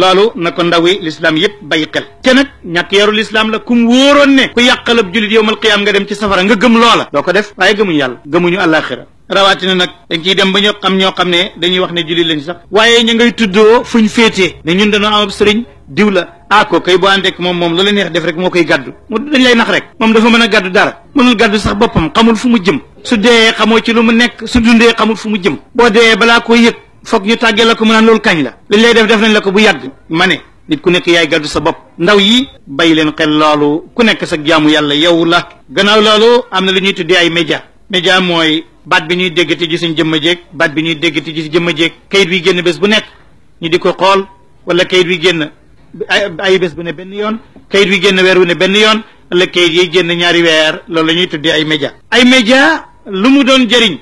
loolu na ko ndawi lislaam yëpp bàyyi xel te nag ñàkk yaru lislaam la kum wóoroon ne ku yàqalab julit yowmal qiyaam nga dem ci safara nga gëm loola doo ko def waaye gëmuñu yàlla gëmuñu àllaaxira rawatina nag dañ ciy dem ba ñu xam ñoo xam ne dañuy wax ne jullit lañ sax waaye ña ngay tuddoo fu ñu féetee ne ñun dañoo am ab sëriñ diw la ah ko kay boo àndeek moom moom lu la neex def rek moo koy gàddu mu dañ lay nax rek moom dafa mën a gàddu dara mënul sax boppam xamul fu mu jëm su dee xamoo ci lu mu nekk su dundee xamul fu mu jëm balaa koo yëg foog ñu tàggee la ko mu naan loolu kañ la liñ lay def def nañ la ko bu yàgg ma ne nit ku nekk yaay gàddu sa bopp ndaw yi bàyyi leen xel loolu ku nekk sa jaamu yàlla yow la gannaaw loolu am na lu ñuy tuddee ay média média mooy baat bi ñuy déggati ci suñ jëmm jéeg baat bi ñuy dégg déggati ci jëmm jéek kayit bi génn bés bu nekk ñu di ko xool wala kayit bi génn ay bés bu ne benn yoon kayit bi génn weer wu ne benn yoon wala kayit yi génn ñaari weer loolu la ñuy tuddee ay média ay média lu mu doon jëriñ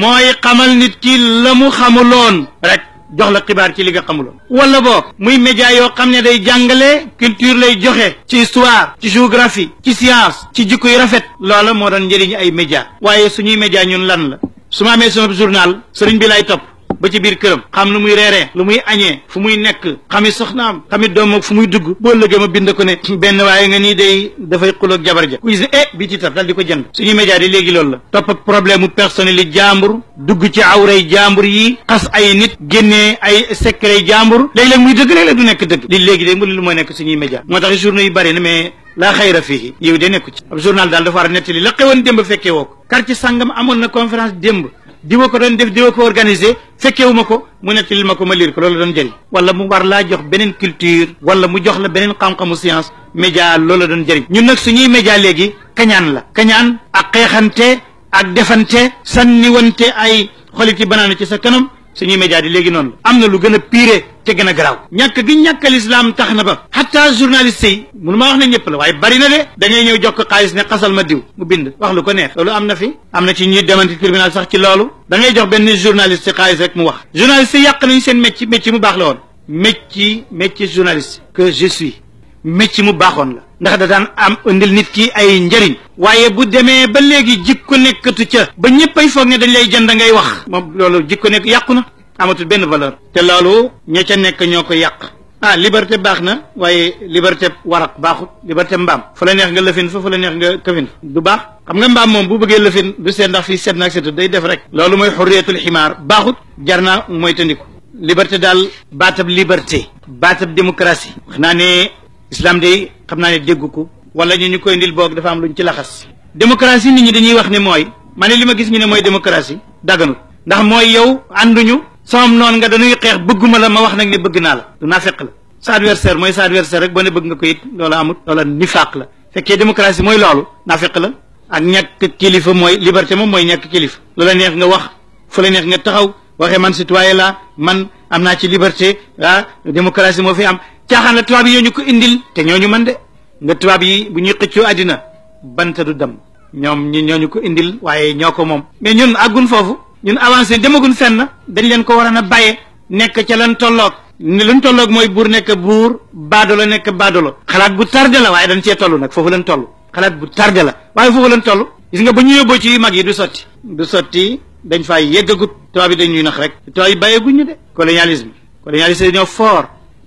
mooy xamal nit ki la mu xamuloon rek jox la xibaar ci li xamuloon wala boog muy média yoo xam ne day jàngale culture lay joxe ci histoire ci géographie ci science ci jikko yu rafet loola moo doon njëriñ ay média waaye suñuy média ñun lan la su ma amee sama journal sëriñ bi lay topp ba ci biir këram xam lu muy reeree lu muy añee fu muy nekk xami soxnaam xami doom ak fu muy dugg boo lëgee ma bind ko ne benn waaye nga nii day dafay xuloo ak jabar ja ku gis ne eh bi ci dal di ko jënd suñu média di léegi loolu la topp ak problème mu personnel yi jàmbur dugg ci awray jàmbur yi xas ay nit génnee ay secret jàmbur léeg-léeg muy dëgg léeg-léeg du nekk dëgg li léegi day mu lu mooy nekk suñuy média moo tax journaux yu bari na mais nekku ci ab daal dafa war a nettali la xewoon démb fekkee woo ko quartier sàngam amoon na conférence démb diwa ko doon def diwa ko organisé fekkewu ma ko mu nettalil ma ko ma liir ko loolu doon jëriñ wala mu war laa jox beneen culture wala mu jox la beneen xam-xamu science média loola doon jëriñ ñun nag suñuy média léegi kañaan la kañaan ak xeexante ak defante sanniwante ay xoliti banaana ci sa kanam suñuy média di léegi noonu am na lu gën a pire te gën a garaw ñàkk gi ñàkk lislaam tax na ba xatta journaliste yi mënu ma wax ne ñëpp la waaye bari na de da ñëw jox ko xaalis ne xasal ma diw mu bind wax lu ko neex loolu am na fi am na ci ñuy demanti tribunal sax ci loolu dangay jox benn journaliste xaalis rek mu wax journaliste yàq nañu seen métier métier mu baax la woon métier métier journaliste que je suis métier mu baaxoon la ndax da daan am indil nit ki ay njëriñ waaye bu demee ba léegi jikko nekkatu ca ba ñëppay foog ne dañ lay jënd ngay wax moom loolu jikko nekk yàqu na amatul benn valeur te loolu ña ca nekk ñoo ko yàq ah liberté baax na waaye liberté waraq baaxut liberté mbaam fu la neex nga lëfin fa fu la neex nga këfin du baax xam nga mbaam moom bu bëggee lëfin du seet ndax fii seet naag seetu day def rek loolu mooy xurriyatul ximaar baaxut jar na mooy tandiku liberté daal baatab liberté baatab démocratie wax islam day xamna ni ne ko wala ñu ñu koy ndil bok dafa am luñ ci laxas démocratie nit ñi dañuy wax ni moy mané lima gis ñu ne moy démocratie daganu ndax moy yow anduñu samam non nga dañuy xex bëgguma la ma wax nak ni bëgg na la du nafaq la sa adversaire moy sa adversaire rek bo ne bëgg nga ko it lolu amut lolu nifaq la fekke démocratie moy lolu nafaq la ak ñak kilifa moy liberté moom moy ñak kilifa lolu neex nga wax fu la neex nga taxaw waxe man citoyen la man amna ci liberté ah démocratie mo fi am caaxaan la tubaab yi ñoo ñu ko indil te ñoo ñu mën de nga tubaab yi bu ñuy xëccoo àddina banta du dem ñoom ñi ñoo ñu ko indil waaye ñoo ko moom. mais ñun agun foofu ñun avancé demagun na dañ leen ko waroon a bàyyee nekk ca lan tolloog. ne luñ tolloog mooy buur nekk buur baadolo nekk baadolo. xalaat bu tardé la waaye dañ cee toll nag foofu leen toll. xalaat bu tardé la waaye foofu leen toll. gis nga bu ñu yóbboo ci mag yi du sotti. du sotti dañ fay yeggagut. tubaab yi dañ ñuy nax rek. tubaab yi bàyyeeguñ ñu de. colonialisme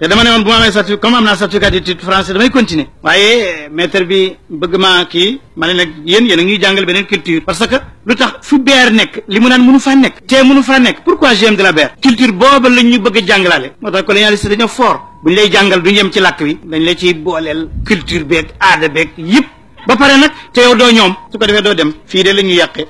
te dama ne woon bu ma amee certificat comme am naa certificat d'étude français damay continuer waaye eh, maître bi bëgg ma kii ma ne nag yéen yéen a ngi jàngal beneen culture parce que lu tax fu beer nekk li mu naan mënu fa nekk te mënu faa nekk pourquoi j'aime de la beer culture booba lañ ñu bëgg jàngalaale moo tax colonialiste dañoo fort bu ñu lay jàngal du ñu yem ci làkk wi dañ la ciy booleel culture beeg aada beeg yëpp ba pare nag te yow doo ñoom su ko defee doo dem fii de la ñuy yàqee